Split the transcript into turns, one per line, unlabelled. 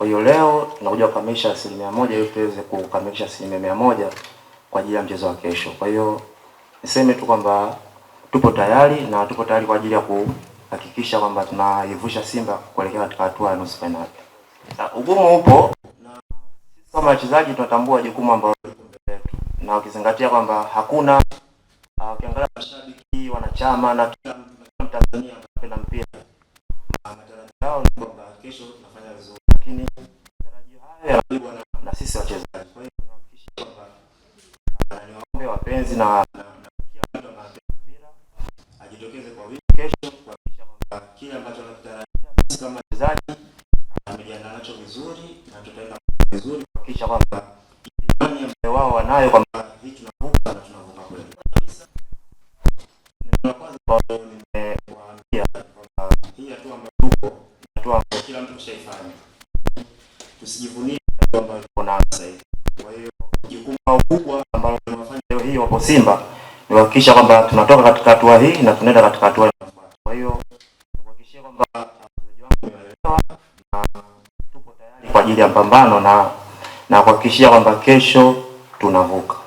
Kwa hiyo leo tunakuja kukamilisha asilimia moja ili tuweze kukamilisha asilimia mia moja kwa ajili ya mchezo wa kesho. Kwa hiyo niseme tu kwamba tupo tayari na tupo tayari kwa ajili ya kuhakikisha kwamba tunaivusha Simba kuelekea katika hatua ya nusu fainali. Ugumu upo na sisi kama wachezaji tunatambua jukumu ambalo mbele yetu, na ukizingatia kwamba hakuna uh, ukiangalia mashabiki wanachama na kila mtu Mtanzania anapenda mpira, matarajio yao ni kwamba kesho tunafanya vizuri lakini matarajio hayo yanabebwa na sisi wachezaji. Kwa hiyo tunahakikisha kwamba niwaombe wapenzi na kila mtu anapenda mpira ajitokeze kwa wingi kesho kuhakikisha kwamba kile ambacho anakitarajia sisi kama wachezaji tumejiandaa nacho vizuri na tutaenda vizuri kuhakikisha kwamba imani ambayo wao wanayo kwamba hii kila mtu kushaifanya tusijivunie ambayo tuko nayo sasa hivi. Kwa hiyo jukumu kubwa ambalo leo hii wapo Simba ni kuhakikisha kwamba tunatoka katika hatua hii na tunaenda katika hatua inayofuata. Kwa hiyo kuhakikishia kwamba wachezaji wangu wameelewa na tupo tayari kwa ajili ya pambano na na kuhakikishia kwamba kesho tunavuka.